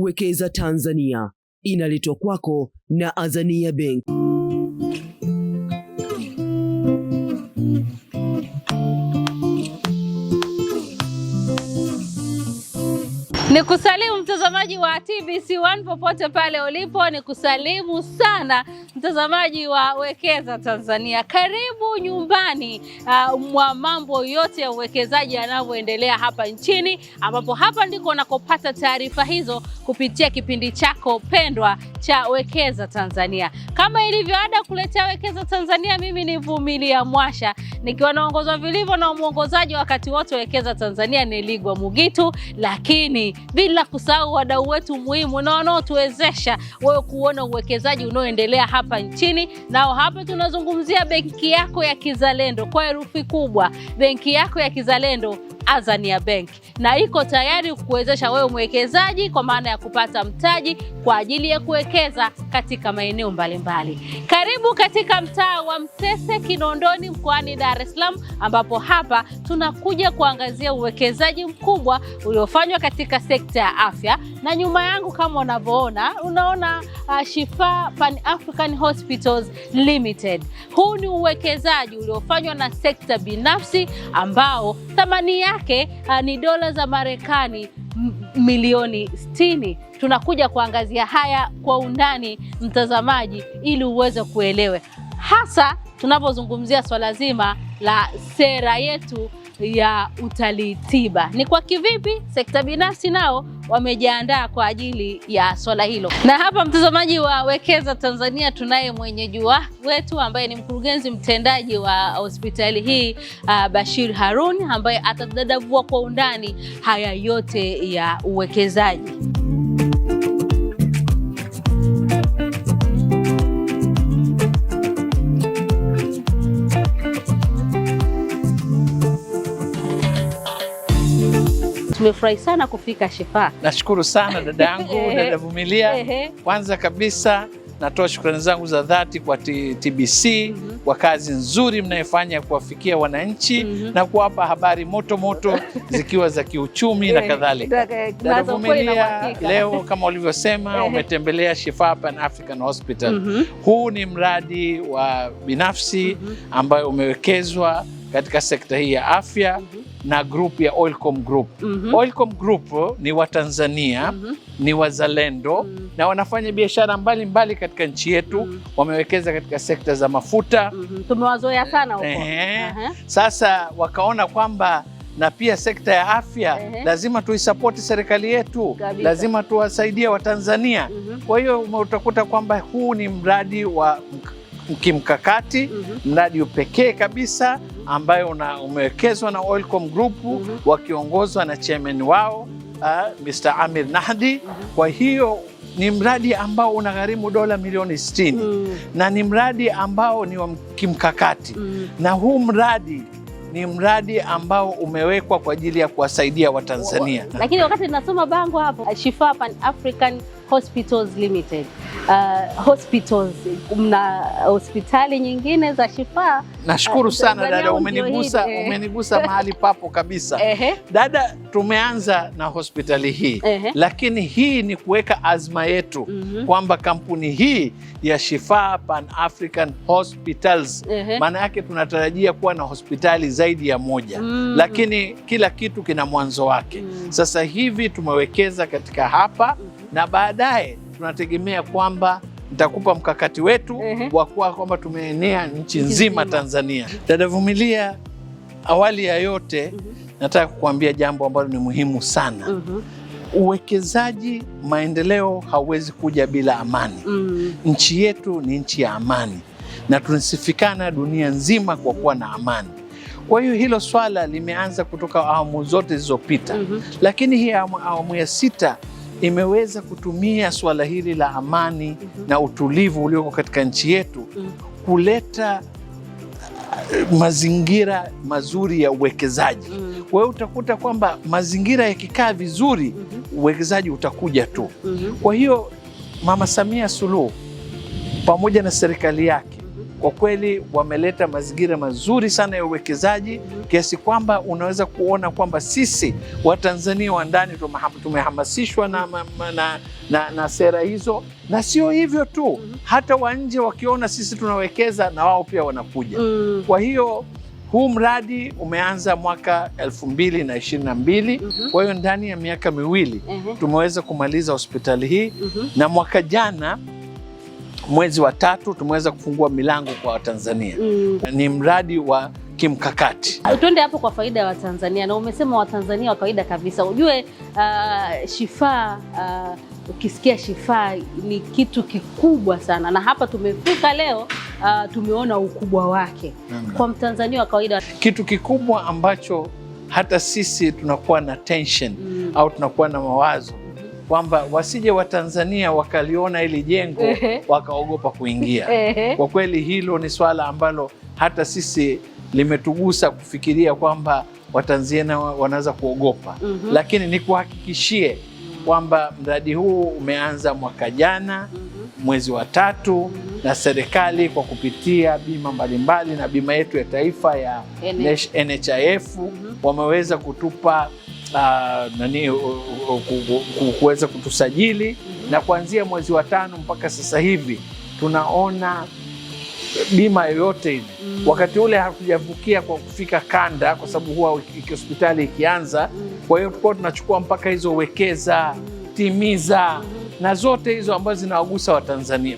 Wekeza Tanzania inaletwa kwako na Azania Bank. Ni kusalimu mtazamaji wa TBC 1 popote pale ulipo, ni kusalimu sana mtazamaji wa Wekeza Tanzania. Karibu nyumbani uh, mwa mambo yote ya uwekezaji yanavyoendelea hapa nchini, ambapo hapa ndiko unakopata taarifa hizo kupitia kipindi chako pendwa cha Wekeza Tanzania. Kama ilivyo ada, kuletea Wekeza Tanzania, mimi ni Vumilia Mwasha nikiwa naongozwa vilivyo na mwongozaji wakati wote Wekeza Tanzania ni Ligwa Mugitu, lakini bila kusahau wadau wetu muhimu na wanaotuwezesha wewe kuona uwekezaji unaoendelea hapa nchini. Nao hapa tunazungumzia benki yako ya Kizalendo, kwa herufi kubwa, benki yako ya Kizalendo. Azania Bank na iko tayari kukuwezesha wewe mwekezaji kwa maana ya kupata mtaji kwa ajili ya kuwekeza katika maeneo mbalimbali. Karibu katika mtaa wa Msese Kinondoni mkoani Dar es Salaam, ambapo hapa tunakuja kuangazia uwekezaji mkubwa uliofanywa katika sekta ya afya, na nyuma yangu kama unavyoona unaona uh, Shifa Pan African Hospitals Limited. Huu ni uwekezaji uliofanywa na sekta binafsi ambao thamani yake yake uh, ni dola za Marekani milioni 60. Tunakuja kuangazia haya kwa undani mtazamaji, ili uweze kuelewe hasa tunapozungumzia swala zima la sera yetu ya utalii tiba. Ni kwa kivipi sekta binafsi nao wamejiandaa kwa ajili ya swala hilo. Na hapa, mtazamaji wa Wekeza Tanzania, tunaye mwenyeji wetu ambaye ni mkurugenzi mtendaji wa hospitali hii uh, Bashir Harun ambaye atadadavua kwa undani haya yote ya uwekezaji. Tumefurahi sana kufika Shifa. Nashukuru sana dada yangu dada Vumilia. Kwanza kabisa natoa shukrani zangu za dhati kwa TBC mm -hmm. kwa kazi nzuri mnayofanya kuwafikia wananchi mm -hmm. na kuwapa habari moto moto zikiwa za kiuchumi na eh, kadhalika. Eh, Vumilia, leo kama ulivyosema umetembelea Shifa Pan African Hospital mm -hmm. huu ni mradi wa binafsi mm -hmm. ambayo umewekezwa katika sekta hii ya afya mm -hmm na group ya Oilcom Group. Mm -hmm. Oilcom Group ni Watanzania, mm -hmm. ni wazalendo mm -hmm. na wanafanya biashara mbalimbali katika nchi yetu mm -hmm. wamewekeza katika sekta za mafuta mm -hmm. tumewazoea sana huko. Eh, uh -huh. Sasa wakaona kwamba na pia sekta ya afya uh -huh. lazima tuisapoti serikali yetu Gabita. lazima tuwasaidie Watanzania mm -hmm. kwa hiyo utakuta kwamba huu ni mradi wa kimkakati mm -hmm. mradi pekee kabisa ambayo una, umewekezwa na Oilcom Group mm -hmm. wakiongozwa na chairman wao uh, eh, Mr. Amir Nahdi mm -hmm. kwa hiyo ni mradi ambao unagharimu dola milioni 60 mm. na ni mradi ambao ni wa kimkakati mm. na huu mradi ni mradi ambao umewekwa kwa ajili ya kuwasaidia Watanzania. Lakini wakati nasoma bango hapo Shifa Pan African Hospitals Limited. Uh, hospitals mna hospitali nyingine za shifaa. Nashukuru uh, sana dada, umenigusa umenigusa mahali papo kabisa. Ehe. Dada, tumeanza na hospitali hii Ehe. Lakini hii ni kuweka azma yetu mm -hmm. kwamba kampuni hii ya Shifaa Pan African Hospitals maana yake tunatarajia kuwa na hospitali zaidi ya moja mm -hmm. Lakini kila kitu kina mwanzo wake mm -hmm. Sasa hivi tumewekeza katika hapa mm -hmm na baadaye tunategemea kwamba nitakupa mkakati wetu uh -huh. wa kuwa kwamba tumeenea nchi nzima Tanzania. Dada Vumilia, awali ya yote uh mhm. -huh. nataka kukuambia jambo ambalo ni muhimu sana uh mhm. -huh. Uwekezaji, maendeleo hauwezi kuja bila amani mm. Nchi yetu ni nchi ya amani na tunasifikana dunia nzima kwa kuwa na amani. Kwa hiyo hilo swala limeanza kutoka awamu zote zilizopita mm -hmm. Lakini hii awamu ya sita imeweza kutumia suala hili la amani mm -hmm. na utulivu ulioko katika nchi yetu mm -hmm. kuleta eh, mazingira mazuri ya uwekezaji mm -hmm. Kwa hiyo utakuta kwamba mazingira yakikaa vizuri mm -hmm. uwekezaji utakuja tu mm -hmm. Kwa hiyo Mama Samia Suluhu pamoja na serikali yake kwa kweli wameleta mazingira mazuri sana ya uwekezaji kiasi kwamba unaweza kuona kwamba sisi Watanzania wa ndani tumehamasishwa na, na, na, na, na sera hizo, na sio hivyo tu, hata wa nje wakiona sisi tunawekeza na wao pia wanakuja. Mm. Kwa hiyo huu mradi umeanza mwaka elfu mbili na ishirini na mbili. Mm-hmm. Kwa hiyo ndani ya miaka miwili mm-hmm. tumeweza kumaliza hospitali hii mm-hmm. na mwaka jana mwezi wa tatu tumeweza kufungua milango kwa Watanzania mm. Ni mradi wa kimkakati. Tuende hapo kwa faida ya wa Watanzania, na umesema Watanzania wa kawaida kabisa. Ujue uh, Shifaa uh, ukisikia Shifaa ni kitu kikubwa sana, na hapa tumefika leo uh, tumeona ukubwa wake mm. Kwa Mtanzania wa kawaida, kitu kikubwa ambacho hata sisi tunakuwa na tension mm. au tunakuwa na mawazo kwamba wasije Watanzania wakaliona hili jengo wakaogopa kuingia. Kwa kweli hilo ni swala ambalo hata sisi limetugusa kufikiria kwamba Watanzania wanaweza kuogopa mm -hmm. Lakini nikuhakikishie kwamba mradi huu umeanza mwaka jana mm -hmm. mwezi wa tatu mm -hmm. na serikali kwa kupitia bima mbalimbali na bima yetu ya taifa ya NHIF mm -hmm. wameweza kutupa nani kuweza kutusajili na kuanzia mwezi wa tano mpaka sasa hivi tunaona bima yoyote ile mm. Wakati ule hatujavukia kwa kufika kanda, kwa sababu huwa hospitali ikianza. Kwa hiyo tulikuwa tunachukua mpaka hizo wekeza, timiza na zote hizo ambazo zinawagusa Watanzania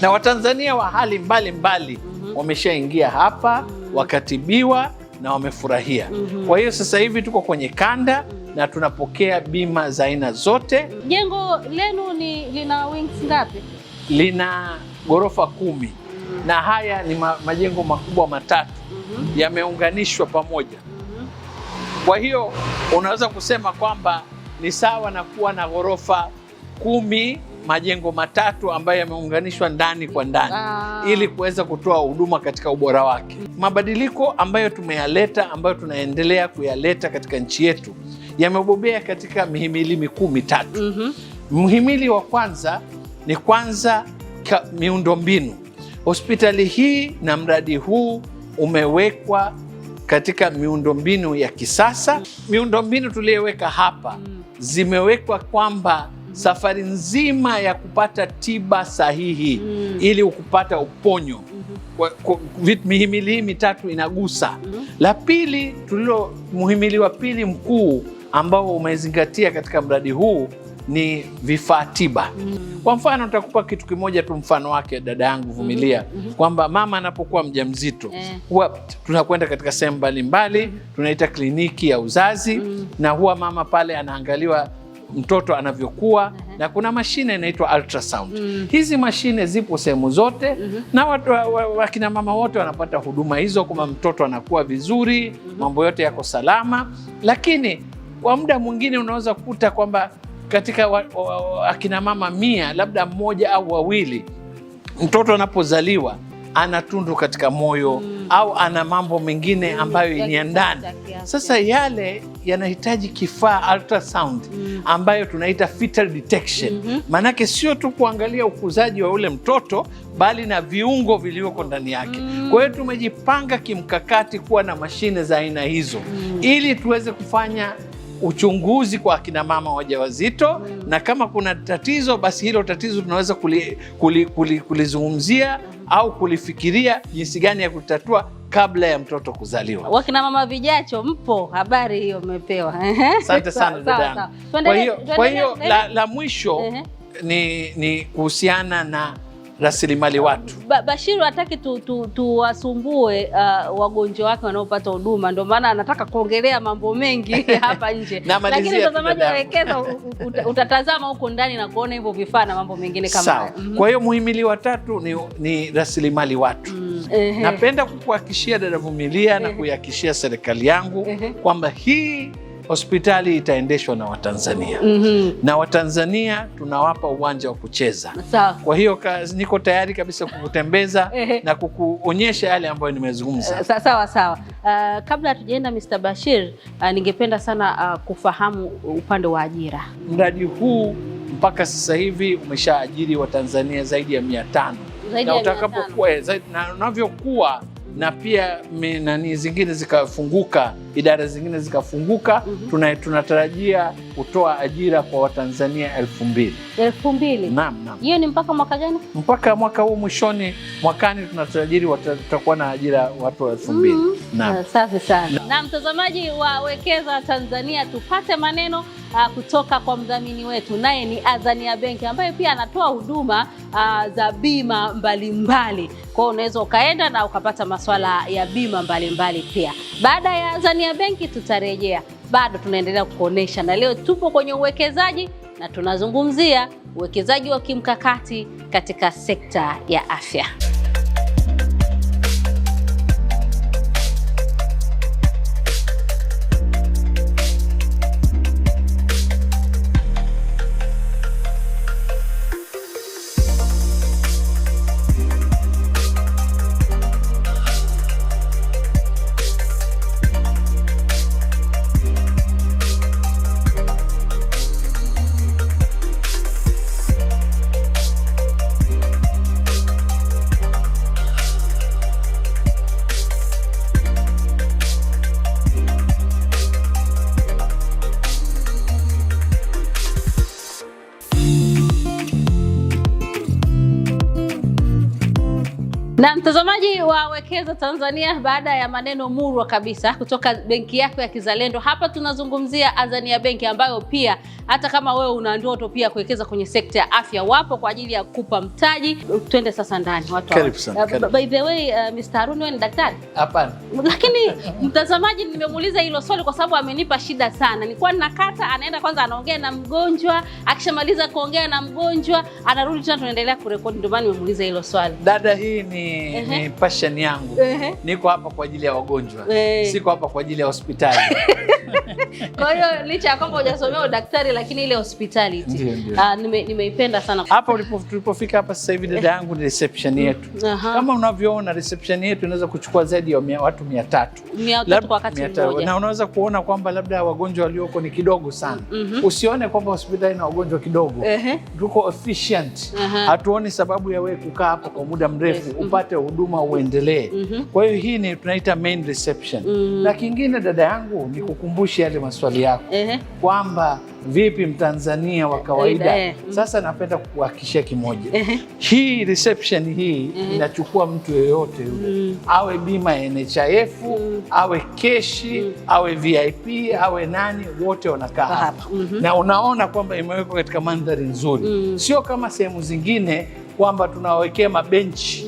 na Watanzania wa hali mbalimbali mm-hmm. wameshaingia hapa wakatibiwa na wamefurahia. mm -hmm. Kwa hiyo sasa hivi tuko kwenye kanda na tunapokea bima za aina zote. Jengo lenu ni lina wings ngapi? Lina ghorofa kumi. mm -hmm. na haya ni ma, majengo makubwa matatu mm -hmm. yameunganishwa pamoja. mm -hmm. Kwa hiyo unaweza kusema kwamba ni sawa na kuwa na ghorofa kumi majengo matatu ambayo yameunganishwa ndani kwa ndani ah, ili kuweza kutoa huduma katika ubora wake. Mabadiliko ambayo tumeyaleta ambayo tunaendelea kuyaleta katika nchi yetu yamebobea katika mihimili mikuu mitatu. mm -hmm. Mhimili wa kwanza ni kwanza ka miundombinu. Hospitali hii na mradi huu umewekwa katika miundombinu ya kisasa. Miundombinu tuliyoweka hapa mm. zimewekwa kwamba safari nzima ya kupata tiba sahihi mm. ili ukupata uponyo mm -hmm. mihimili hii mitatu inagusa mm -hmm. la pili tulilo muhimili wa pili mkuu ambao umezingatia katika mradi huu ni vifaa tiba mm -hmm. Kwa mfano nitakupa kitu kimoja tu, mfano wake dada yangu Vumilia, mm -hmm. kwamba mama anapokuwa mjamzito eh, huwa tunakwenda katika sehemu mbalimbali mm -hmm. tunaita kliniki ya uzazi mm -hmm. na huwa mama pale anaangaliwa mtoto anavyokuwa mm -hmm. na kuna mashine inaitwa ultrasound mm -hmm. hizi mashine zipo sehemu zote mm -hmm. na watu wakina mama wote wanapata huduma hizo, kama mtoto anakuwa vizuri mm -hmm. mambo yote yako salama, lakini kwa muda mwingine unaweza kukuta kwamba katika wa, wa, wa, akina mama mia labda mmoja au wawili mtoto anapozaliwa ana tundu katika moyo mm. au ana mambo mengine mm. ambayo ni ya ndani. Sasa yale yanahitaji kifaa ultrasound mm. ambayo tunaita fetal detection mm -hmm. Maanake sio tu kuangalia ukuzaji wa ule mtoto bali na viungo vilivyoko ndani yake mm. Kwa hiyo tumejipanga kimkakati kuwa na mashine za aina hizo mm. ili tuweze kufanya uchunguzi kwa akina mama wajawazito mm. na kama kuna tatizo basi hilo tatizo tunaweza kulizungumzia kuli, kuli, kuli au kulifikiria jinsi gani ya kutatua kabla ya mtoto kuzaliwa. Wakina mama vijacho mpo, habari hiyo mmepewa. Asante sana dada. Kwa hiyo la, la mwisho ni, ni kuhusiana na rasilimali watu. Ba Bashiru hataki tuwasumbue tu, tu uh, wagonjwa wake wanaopata huduma, ndio maana anataka kuongelea mambo mengi hapa nje, lakini mtazamaji awekeza utatazama huko ndani na kuona hivyo vifaa na mambo mengine kama -hmm. Kwa hiyo muhimili wa tatu ni, ni rasilimali watu mm. Napenda kukuhakishia dada Vumilia na kuihakishia serikali yangu kwamba hii hospitali itaendeshwa na Watanzania mm -hmm. na Watanzania tunawapa uwanja wa kucheza Sao. Kwa hiyo niko tayari kabisa kukutembeza na kukuonyesha yale ambayo nimezungumza. Sawa sawa. Uh, kabla hatujaenda Mr. Bashir, uh, ningependa sana uh, kufahamu upande wa ajira. Mradi huu mpaka sasa hivi umeshaajiri Watanzania zaidi ya mia tano na utakapokuwa na unavyokuwa na pia nani zingine zikafunguka, idara zingine zikafunguka mm -hmm. Tuna, tunatarajia kutoa ajira kwa Watanzania elfu mbili elfu mbili Naam, naam. Hiyo ni mpaka mwaka gani? Mpaka mwaka huu mwishoni, mwakani tunatarajiri tutakuwa na ajira watu elfu mbili mm -hmm. safi sana. Na mtazamaji wa Wekeza Tanzania, tupate maneno uh, kutoka kwa mdhamini wetu, naye ni Azania Benki ambaye pia anatoa huduma uh, za bima mbalimbali. Kwa hiyo unaweza ukaenda na ukapata masuala ya bima mbalimbali mbali pia. Baada ya Azania Benki tutarejea, bado tunaendelea kukuonesha, na leo tupo kwenye uwekezaji na tunazungumzia uwekezaji wa kimkakati katika sekta ya afya. kuwekeza Tanzania baada ya maneno murwa kabisa kutoka benki yako ya Kizalendo. Hapa tunazungumzia Azania Benki ambayo pia hata kama wewe una ndoto pia kuwekeza kwenye sekta ya afya, wapo kwa ajili ya kupa mtaji. Twende sasa ndani watu. Uh, by the way uh, Mr. Harun wewe ni daktari? Hapana. Lakini mtazamaji, nimemuuliza hilo swali kwa sababu amenipa shida sana. Nilikuwa ninakata, anaenda kwanza anaongea na mgonjwa, akishamaliza kuongea na mgonjwa anarudi tena tunaendelea kurekodi, ndio maana nimemuuliza hilo swali. Dada, hii ni, uh -huh. ni passion yangu. Uh -huh. Niko hapa kwa ajili ya wagonjwa. Uh -huh. Siko hapa kwa ajili ya hospitali. Kwa hiyo licha ya kwamba hujasomea udaktari lakini ile hospitality uh, ah, nime, nimeipenda sana hapa tulipofika hapa sasa hivi. Dada yangu ni reception yetu uh -huh. Kama unavyoona reception yetu inaweza kuchukua zaidi ya watu mia tatu kwa wakati mmoja, na unaweza kuona kwamba labda wagonjwa walioko ni kidogo sana mhm. Usione kwamba hospitali na wagonjwa kidogo uh -huh. Tuko efficient uh -huh. Hatuoni sababu ya wewe kukaa hapa kwa muda mrefu Upate huduma uendelee mm Kwa hiyo hii ni tunaita main reception mm. Na kingine dada yangu ni kukumbusha yale maswali yako uh -huh. kwamba vipi Mtanzania wa kawaida eh. Sasa napenda kuhakikishia kimoja Hii reception hii Inachukua mtu yeyote yule mm. Awe bima ya NHIF mm. Awe keshi mm. Awe VIP awe nani, wote wanakaa hapa mhm. Na unaona kwamba imewekwa katika mandhari nzuri Sio kama sehemu zingine kwamba tunawawekea mabenchi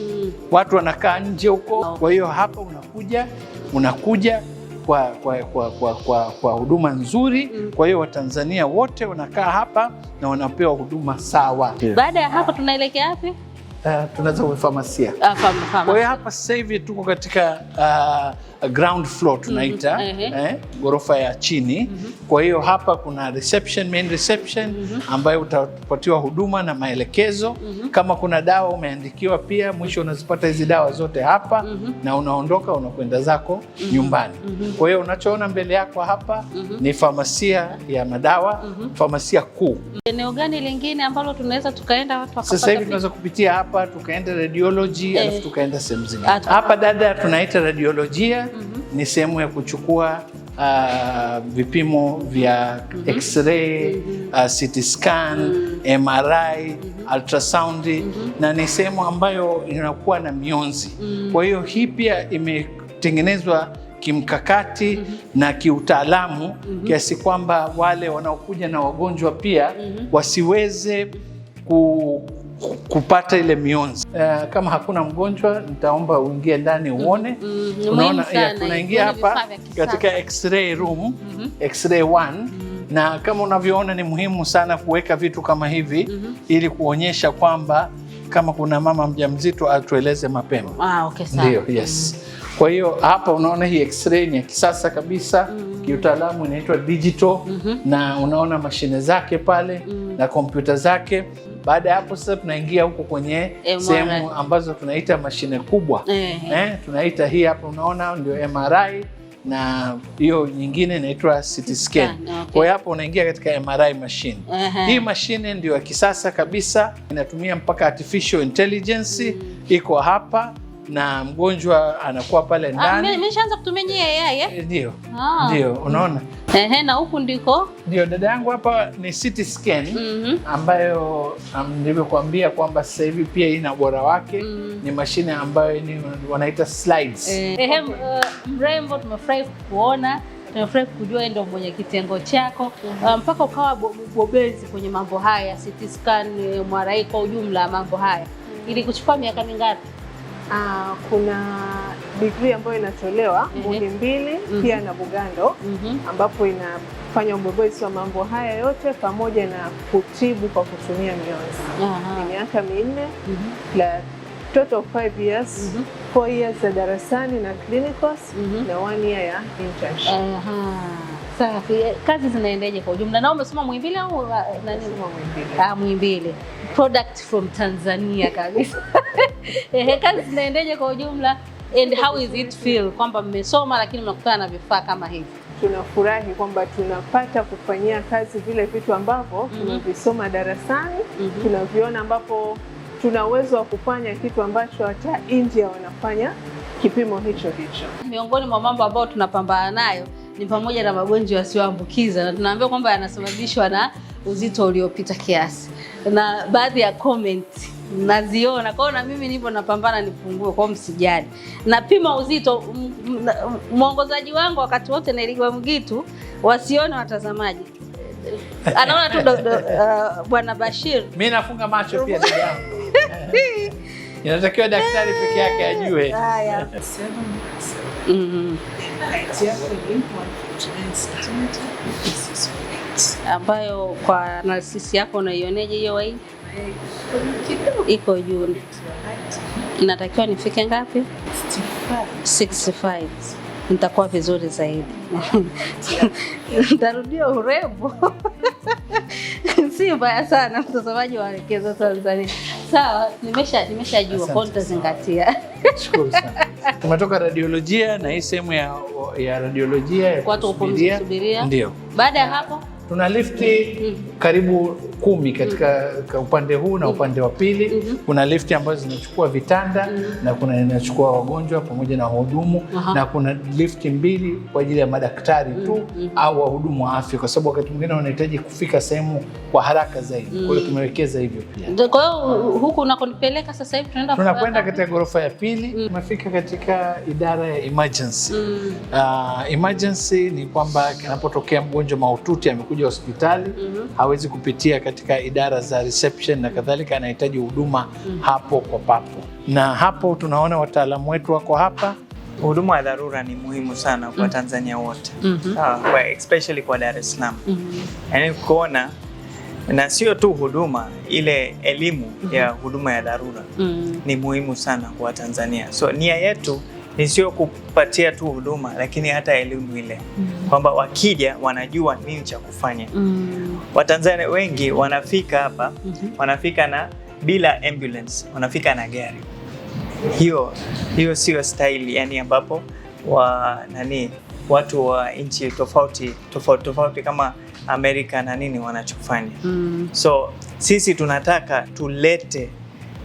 Watu wanakaa nje huko, kwa hiyo hapa unakuja unakuja kwa kwa kwa kwa kwa kwa huduma nzuri mm. Kwa hiyo Watanzania wote wanakaa hapa na wanapewa huduma sawa yeah. Baada ya hapo tunaelekea wapi? Uh, tunaweza kufamasia. Kwa hiyo hapa sasa hivi tuko katika uh, ground floor tunaita, mm -hmm. eh, ghorofa ya chini mm -hmm. Kwa hiyo hapa kuna reception, main reception mm -hmm. ambayo utapatiwa huduma na maelekezo mm -hmm. Kama kuna dawa umeandikiwa pia, mwisho unazipata hizi dawa zote hapa mm -hmm. na unaondoka unakwenda zako mm -hmm. nyumbani mm -hmm. Kwa hiyo unachoona mbele yako hapa mm -hmm. ni famasia ya madawa mm -hmm. famasia kuu. Eneo gani lingine ambalo tunaweza tukaenda watu wakapata? Sasa hivi tunaweza kupitia hapa tukaenda radiology, alafu eh. tukaenda sehemu zingine hapa dada, tunaita radiolojia mm -hmm. ni sehemu ya kuchukua uh, vipimo vya mm -hmm. x-ray mm -hmm. uh, ah, CT scan mm -hmm. MRI mm -hmm. ultrasound mm -hmm. na ni sehemu ambayo inakuwa na mionzi mm -hmm. kwa hiyo hii pia imetengenezwa kimkakati mm -hmm. na kiutaalamu mm -hmm. kiasi kwamba wale wanaokuja na wagonjwa pia mm -hmm. wasiweze ku kupata ile mionzi uh, kama hakuna mgonjwa nitaomba uingie ndani uone. mm, mm, unaona tunaingia eh, hapa katika x-ray room mm -hmm. x-ray 1 mm -hmm. na kama unavyoona ni muhimu sana kuweka vitu kama hivi mm -hmm. ili kuonyesha kwamba kama kuna mama mjamzito atueleze mapema. Ah, okay, ndio, yes. Mm-hmm. Kwa hiyo hapa unaona hii x-ray ni ya kisasa kabisa mm -hmm. kiutaalamu inaitwa digital mm -hmm. na unaona mashine zake pale mm -hmm. na kompyuta zake baada ya hapo sasa tunaingia huko kwenye sehemu ambazo tunaita mashine kubwa e, eh, tunaita hii hapo unaona ndio MRI na hiyo nyingine inaitwa CT scan. Okay. Kwa hiyo hapo unaingia katika MRI machine. Uh -huh. Hii mashine ndio ya kisasa kabisa, inatumia mpaka artificial intelligence mm. Iko hapa na mgonjwa anakuwa pale ah, ndani. Mimi nishaanza kutumia nyie AI eh? Ndio. Ah. Ndio, unaona? Ehe, na huku ndiko. Ndio, dada yangu hapa ni CT scan mm -hmm. ambayo nilivyokuambia kwamba sasa hivi pia ina ubora wake mm. Ni mashine ambayo ni wanaita slides. Eh, ehe, uh, mrembo, tumefurahi kuona tumefurahi kujua ndio mwenye kitengo chako mm. ah, mpaka um, ukawa bobezi kwenye mambo haya CT scan, eh, MRI kwa ujumla mambo haya, mm. ili kuchukua miaka mingapi? uh, kuna digrii ambayo inatolewa mhm. mbili mm -hmm. pia na Bugando mm -hmm. ambapo inafanya ubobezi wa mambo haya yote pamoja na kutibu kwa kutumia mionzi. Ni miaka minne mhm. la total of 5 years 4 mm -hmm. years za darasani na clinicals mm -hmm. na 1 year ya internship. Aha. Safi. Kazi zinaendeje kwa ujumla? Na umesoma Muhimbili au uh, nani? Umesoma Muhimbili. Ah, Muhimbili product from Tanzania kabisa. Kazi zinaendeje kwa ujumla and how is it feel kwamba mmesoma lakini mnakutana na vifaa kama hivi? Tunafurahi kwamba tunapata kufanyia kazi vile vitu ambavyo mm -hmm. darasani mm -hmm. tunaviona ambapo tuna uwezo wa kufanya kitu ambacho hata India wanafanya kipimo hicho hicho. Miongoni mwa mambo ambayo tunapambana nayo ni pamoja na magonjwa yasiyoambukiza na tunaambiwa kwamba yanasababishwa na uzito uliopita kiasi na baadhi ya comment naziona kwao, na mimi nipo napambana nipungue kwao, msijali. Napima uzito, mwongozaji wangu wakati wote Nailigwa Mgitu wasione watazamaji anaona tu uh, Bwana Bashir, mimi nafunga macho pia ndugu yangu inatakiwa daktari peke yake eh, ajue. Haya, mm -hmm ambayo kwa analysis yako unaioneje hiyo wai? Iko juu. Inatakiwa nifike ngapi? 65. Nitakuwa vizuri zaidi. Nitarudia urembo. Si mbaya sana mtazamaji wa Wekeza Tanzania. Sawa, nimesha nimeshajua kwa nitazingatia. Tumetoka radiolojia na hii sehemu ya, ya radiolojia ya kusubiria. Ndio. Baada ya hapo Tuna lifti mm. karibu kumi katika mm -hmm. upande huu na upande wa pili mm -hmm. kuna lifti ambazo zinachukua vitanda mm -hmm. na kuna inachukua wagonjwa pamoja na wahudumu uh -huh. na kuna lifti mbili kwa ajili ya madaktari tu mm -hmm. au wahudumu wa afya, kwa sababu wakati mwingine wanahitaji kufika sehemu kwa haraka zaidi mm -hmm. kwa hiyo mhm. tumewekeza hivyo pia. Kwa hiyo huku unakonipeleka sasa hivi tunaenda tunakwenda katika ghorofa ya pili, mhm. tumefika mm -hmm. katika idara ya emergency mm -hmm. uh, emergency ni kwamba kinapotokea mgonjwa mahututi amekuja hospitali mm -hmm. hawezi kupitia katika idara za reception na kadhalika, anahitaji huduma mm. hapo kwa papo, na hapo tunaona wataalamu wetu wako hapa. Huduma ya dharura ni muhimu sana kwa mm. Tanzania wote mm -hmm. uh, kwa especially kwa Dar es Salaam mm -hmm. yaani kuona na sio tu huduma ile elimu mm -hmm. ya mm-hmm. huduma ya dharura mm -hmm. ni muhimu sana kwa Tanzania, so nia yetu ni sio kupatia tu huduma lakini hata elimu ile mm. kwamba wakija wanajua nini cha kufanya mm. Watanzania wengi wanafika hapa mm -hmm. wanafika na bila ambulance, wanafika na gari. Hiyo hiyo sio staili yani, ambapo wa nani watu wa nchi tofauti tofauti tofauti kama Amerika na nini wanachofanya mm. So sisi tunataka tulete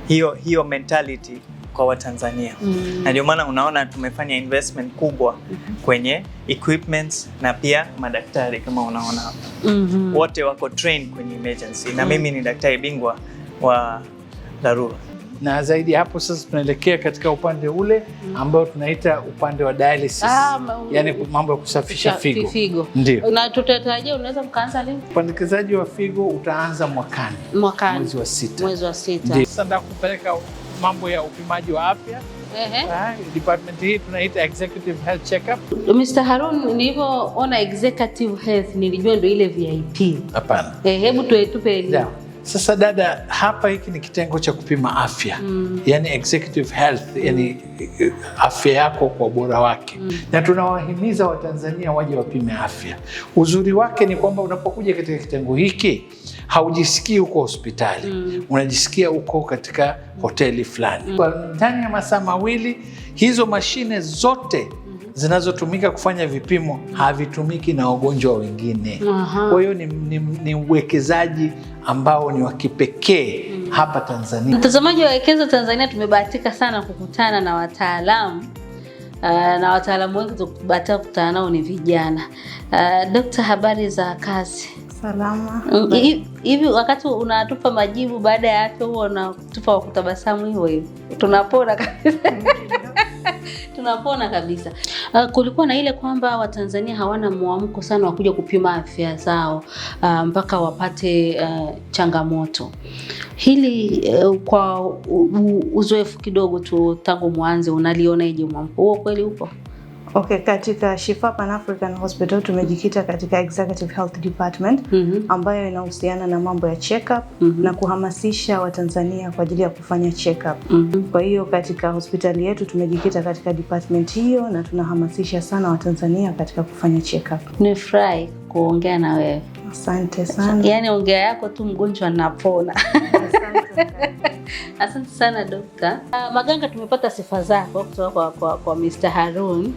hiyo hiyo mentality kwa Watanzania mm. na ndio maana unaona tumefanya investment kubwa mm-hmm. kwenye equipments na pia madaktari kama unaona mm -hmm. wote wako trained kwenye emergency na mm. mimi ni daktari bingwa wa dharura na zaidi hapo sasa tunaelekea katika upande ule mm. ambao tunaita upande wa dialysis. Ah, yani mm. mambo ya kusafisha figo, figo. Ndio. Na tutatarajia unaweza mkaanza lini? Upandikizaji wa figo utaanza mwakani, mwakani mwezi wa sita. Mwezi wa sita. Ndio. Sasa nakupeleka mambo ya upimaji wa afya. Ah, department hii tunaita executive health checkup. Mr. Harun, nilivyoona executive health nilijua ndio ile VIP. Hapana. Eh, hebu tuetupe elimu. Sasa dada, hapa hiki ni kitengo cha kupima afya mm. Yani executive health mm. Yani eh, afya yako kwa ubora wake mm. Na tunawahimiza Watanzania waje wapime afya. Uzuri wake ni kwamba unapokuja katika kitengo hiki haujisikii huko hospitali mm. unajisikia uko katika hoteli fulani mm. Kwa ndani ya masaa mawili hizo mashine zote mm-hmm. zinazotumika kufanya vipimo havitumiki na wagonjwa wengine. Kwa hiyo ni, ni, ni uwekezaji ambao ni wa kipekee mm. hapa Tanzania. Mtazamaji wa Wekeza Tanzania, tumebahatika sana kukutana na wataalamu uh, na wataalamu wengi tubahatika kukutana nao ni vijana. Uh, Dokta, habari za kazi? salama. Hivi wakati unatupa majibu baada ya hapo, huwa unatupa kwa kutabasamu hivyo hivyo? Tunapona kabisa. Mm, Tunapona kabisa. Uh, kulikuwa na ile kwamba Watanzania hawana mwamko sana wa kuja kupima afya zao uh, mpaka wapate uh, changamoto hili. Uh, kwa uzoefu kidogo tu tangu mwanze, unalionaje mwamko huo, kweli upo? Okay, katika Shifa Pan African Hospital tumejikita katika Executive Health Department mm -hmm. ambayo inahusiana na mambo ya checkup mm -hmm. na kuhamasisha Watanzania kwa ajili ya kufanya checkup. mm -hmm. kwa hiyo katika hospitali yetu tumejikita katika department hiyo na tunahamasisha sana Watanzania katika kufanya checkup. up. kuongea na wewe. Asante sana. Yaani ongea yako tu mgonjwa anapona. Asante sana dokta. Uh, Maganga, tumepata sifa zako kutoka kwa, kwa, kwa Mr. Harun.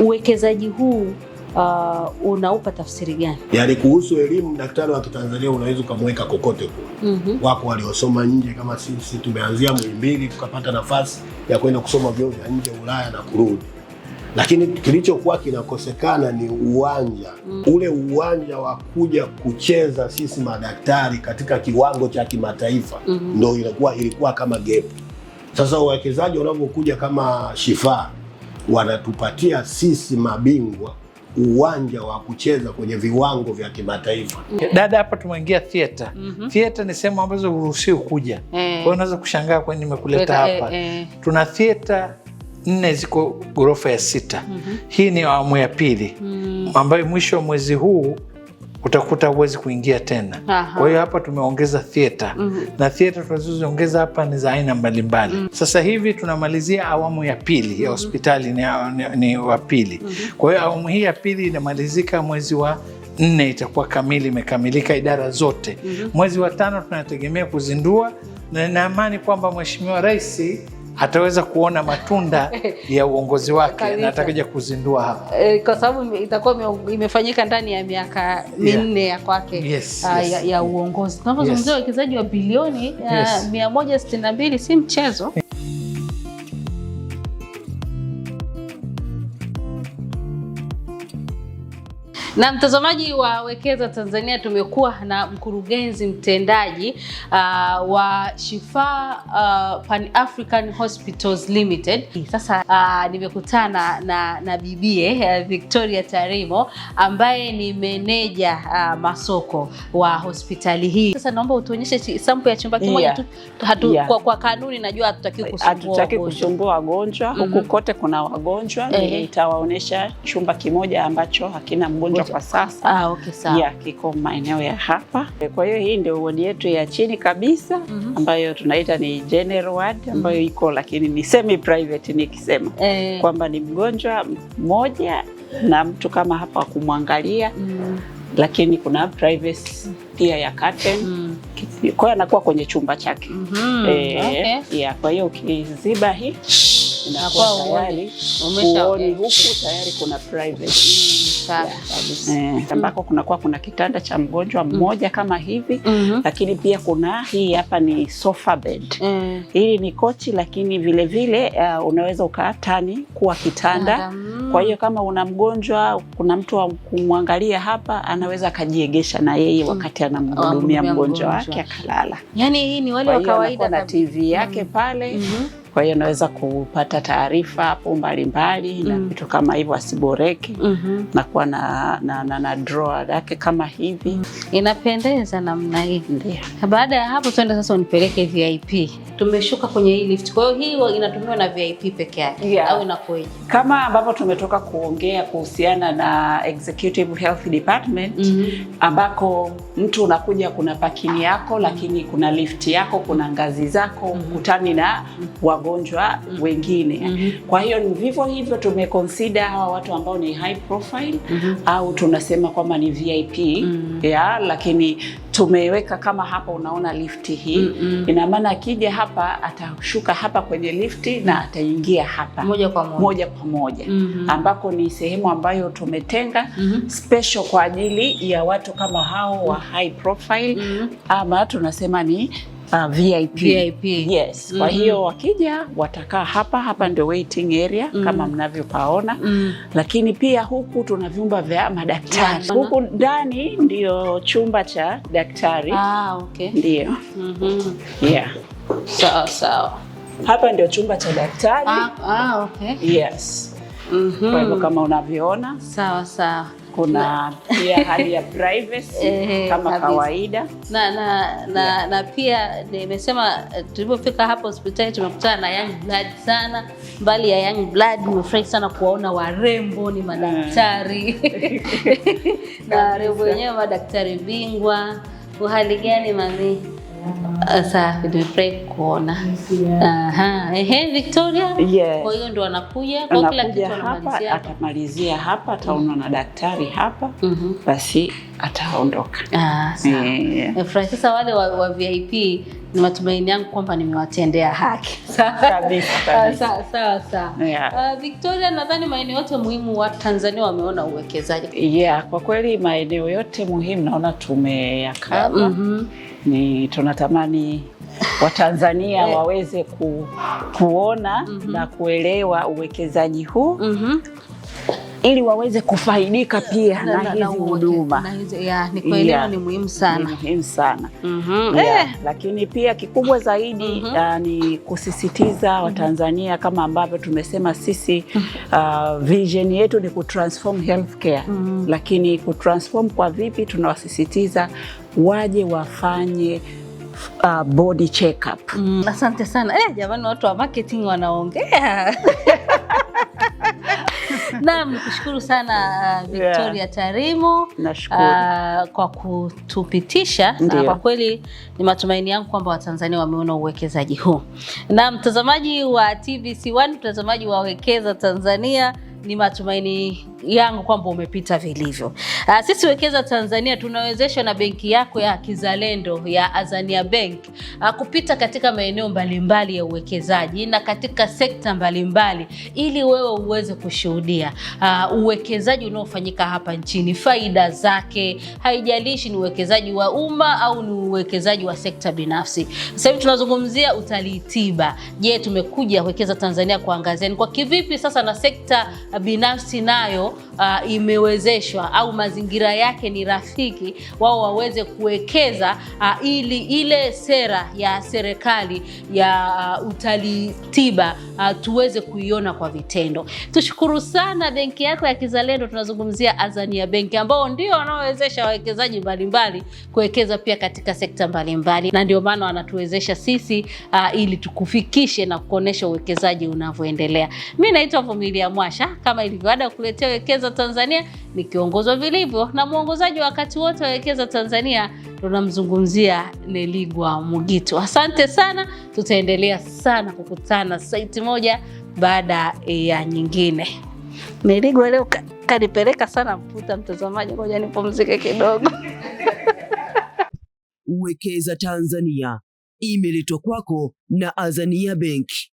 Uwekezaji huu uh, unaupa tafsiri gani? Yaani kuhusu elimu, daktari wa Kitanzania unaweza ukamweka kokote ku mm -hmm. Wako waliosoma nje kama sisi, tumeanzia Muhimbili tukapata nafasi ya kwenda kusoma vyuo vya nje Ulaya na kurudi lakini kilichokuwa kinakosekana ni uwanja mm. Ule uwanja wa kuja kucheza sisi madaktari katika kiwango cha kimataifa mm -hmm. Ndo ilikuwa, ilikuwa kama gap. Sasa uwekezaji unavyokuja kama Shifaa wanatupatia sisi mabingwa uwanja wa kucheza kwenye viwango vya kimataifa. Dada, hapa tumeingia theater. mm -hmm. Theater ni sehemu ambazo huruhusiwi kuja eh. Kwa hiyo unaweza kushangaa nini nimekuleta hapa eh, eh. Tuna theater nne ziko ghorofa ya sita. mm -hmm. Hii ni awamu ya pili mm -hmm. ambayo mwisho wa mwezi huu utakuta huwezi kuingia tena. Kwa hiyo hapa tumeongeza theater mm -hmm. na theater tunazoziongeza hapa ni za aina mbalimbali mm -hmm. Sasa hivi tunamalizia awamu ya pili ya mhm. hospitali ni, ni, ni wa pili mm -hmm. Kwa hiyo awamu hii ya pili inamalizika mwezi wa nne, itakuwa kamili imekamilika idara zote mm -hmm. Mwezi wa tano tunategemea kuzindua na inaamani kwamba Mheshimiwa Rais ataweza kuona matunda ya uongozi wake na atakuja kuzindua hapa e, kwa sababu itakuwa imefanyika ndani ya miaka minne yeah. ya kwake yes, uh, yes. ya, ya uongozi tunapozungumzia uwekezaji wa bilioni ah, yes. na mbili si mchezo Na mtazamaji wa Wekeza Tanzania, tumekuwa na mkurugenzi mtendaji uh, wa shifa uh, Pan African Hospitals Limited. Sasa uh, nimekutana na, na bibie uh, Victoria Tarimo ambaye ni meneja uh, masoko wa hospitali hii. Sasa naomba utuonyeshe sample ya chumba kimoja yeah. tu, hatu, yeah. kwa, kwa kanuni najua hatutaki kusumbua kusumbua wagonjwa mm -hmm. Huku mm-hmm. kote kuna wagonjwa, eh. nitawaonyesha chumba kimoja ambacho hakina mgonjwa inayokuja kwa sasa ah, okay, sawa. ya kiko maeneo ya hapa. Kwa hiyo hii ndio wodi yetu ya chini kabisa mm -hmm. ambayo tunaita ni general ward ambayo mm -hmm. iko lakini ni semi private nikisema eh. kwamba ni mgonjwa mmoja na mtu kama hapa wa kumwangalia mm. -hmm. Lakini kuna privacy pia ya curtain mm. -hmm. Kwa hiyo anakuwa kwenye chumba chake mm -hmm. E, okay. yeah, kwa hiyo ukiziba hii inakuwa tayari uoni huku tayari kuna privacy mm. -hmm kabisa. Ambako eh, mm-hmm. ambako kunakuwa kuna kitanda cha mgonjwa mm-hmm. mmoja kama hivi mm -hmm. Lakini pia kuna hii hapa ni sofa bed mm. Hili ni kochi, lakini vilevile vile, uh, unaweza ukatani kuwa kitanda Kwa hiyo kama una mgonjwa, kuna mtu wa kumwangalia hapa, anaweza akajiegesha na yeye mm. wakati anamhudumia mgonjwa wake akalala. Yani hii ni wale wa kawaida na TV yake mm. pale mm -hmm. Kwa hiyo naweza mm. kupata taarifa hapo mbalimbali mm. na vitu kama hivyo, asiboreke mm -hmm. na kuwa na, na, na, na drawer yake kama hivi mm. inapendeza namna hii. Ndio, baada ya hapo tuende sasa, unipeleke VIP. Tumeshuka kwenye hii lift, kwa hiyo hii inatumiwa na VIP peke yake yeah. au inakuwaje? Kama ambapo tumetoka kuongea kuhusiana na executive health department mm -hmm. ambako mtu unakuja, kuna pakini yako, lakini kuna lift yako, kuna ngazi zako, mkutani mm-hmm. mm -hmm. na mm-hmm wagonjwa mm. wengine mm -hmm. Kwa hiyo ni vivyo hivyo tumekonsida hawa watu ambao ni high profile mm -hmm. au tunasema kwamba ni VIP mm -hmm. ya lakini tumeweka kama hapa, unaona lifti hii mm -hmm. ina maana akija hapa atashuka hapa kwenye lifti na mm. ataingia hapa moja kwa moja, moja, kwa moja. Mm -hmm. ambako ni sehemu ambayo tumetenga mm -hmm. special kwa ajili ya watu kama hao wa mm. high profile mm -hmm. ama tunasema ni Uh, VIP. VIP. Yes. Mm -hmm. Kwa mm-hmm. hiyo wakija watakaa hapa hapa, ndio waiting area mm -hmm. kama mnavyopaona mm -hmm. Lakini pia huku tuna vyumba vya madaktari yeah, Huku ndani ndio chumba cha daktari. Ah, okay. Ndio. mm -hmm. Yeah. Sawa sawa. Hapa ndio chumba cha daktari. Ah, ah, okay. Yes. Mm -hmm. Kwa hivyo kama unavyoona. Sawa sawa kuna pia hali ya privacy eh, kama kabisa, kawaida na na na, yeah. na pia nimesema eh, tulipofika hapo hospitali tumekutana na young blood sana. Mbali ya young blood, nimefurahi sana kuwaona warembo ni madaktari na warembo wenyewe madaktari bingwa. Uhali gani mami? Safi, nimefurahi kuona. Aha, ehe, Victoria. Kwa hiyo ndo anakuja kwa kila kitu anamalizia hapa, atamalizia hapa, ataona na daktari hapa, mhm. basi ataondoka. Nimefurahi. Ah, eh, eh, Sasa wale wa, wa VIP ni matumaini yangu kwamba nimewatendea haki. Ah, sawa sawa sawa. Ah, Victoria, nadhani maeneo yote muhimu wa Tanzania wameona uwekezaji. Yeah, kwa kweli maeneo yote muhimu naona tumeyakaba. Mm-hmm ni tunatamani Watanzania eh. waweze ku, kuona mm -hmm. na kuelewa uwekezaji huu mm -hmm ili waweze kufaidika pia na, na hizi huduma. Ni kuelewa ni muhimu sana, ni muhimu sana. Mm -hmm. Yeah. Eh. Lakini pia kikubwa zaidi mm -hmm. uh, ni kusisitiza mhm. Watanzania mm -hmm. kama ambavyo tumesema sisi uh, vision yetu ni kutransform healthcare mm -hmm. lakini kutransform kwa vipi, tunawasisitiza waje wafanye Uh, body check up. Mm. Asante sana. Eh, jamani watu wa marketing wanaongea Naam, nikushukuru sana uh, Victoria yeah. Tarimo uh, kwa kutupitisha uh, na kwa kweli ni matumaini yangu kwamba Watanzania wameona uwekezaji huu. Na mtazamaji wa TBC1, mtazamaji wa Wekeza Tanzania ni matumaini yangu kwamba umepita vilivyo. Uh, sisi Wekeza Tanzania tunawezeshwa na benki yako ya kizalendo ya Azania Bank uh, kupita katika maeneo mbalimbali ya uwekezaji na katika sekta mbalimbali mbali, ili wewe uweze kushuhudia uh, uwekezaji unaofanyika hapa nchini, faida zake, haijalishi ni uwekezaji wa umma au ni uwekezaji wa sekta binafsi. Sasa hivi tunazungumzia utalii tiba. Je, tumekuja Wekeza Tanzania kuangazia ni kwa kivipi sasa na sekta binafsi nayo uh, imewezeshwa au mazingira yake ni rafiki, wao waweze kuwekeza uh, ili ile sera ya serikali ya uh, utalii tiba uh, tuweze kuiona kwa vitendo. Tushukuru sana benki yako ya Kizalendo, tunazungumzia Azania Benki ambao ndio wanaowezesha wawekezaji mbalimbali kuwekeza pia katika sekta mbalimbali, na ndio maana wanatuwezesha sisi uh, ili tukufikishe na kuonesha uwekezaji unavyoendelea. Mimi naitwa Vumilia Mwasha kama ilivyo ada kuletea Wekeza Tanzania, nikiongozwa vilivyo na mwongozaji wa wakati wote wa Wekeza Tanzania, tunamzungumzia Neligwa Mugitu. Asante sana, tutaendelea sana kukutana saiti moja baada ya nyingine. Neligwa leo kanipeleka sana mputa, mtazamaji, ngoja nipumzike kidogo. Wekeza Tanzania imeletwa kwako na Azania Benki.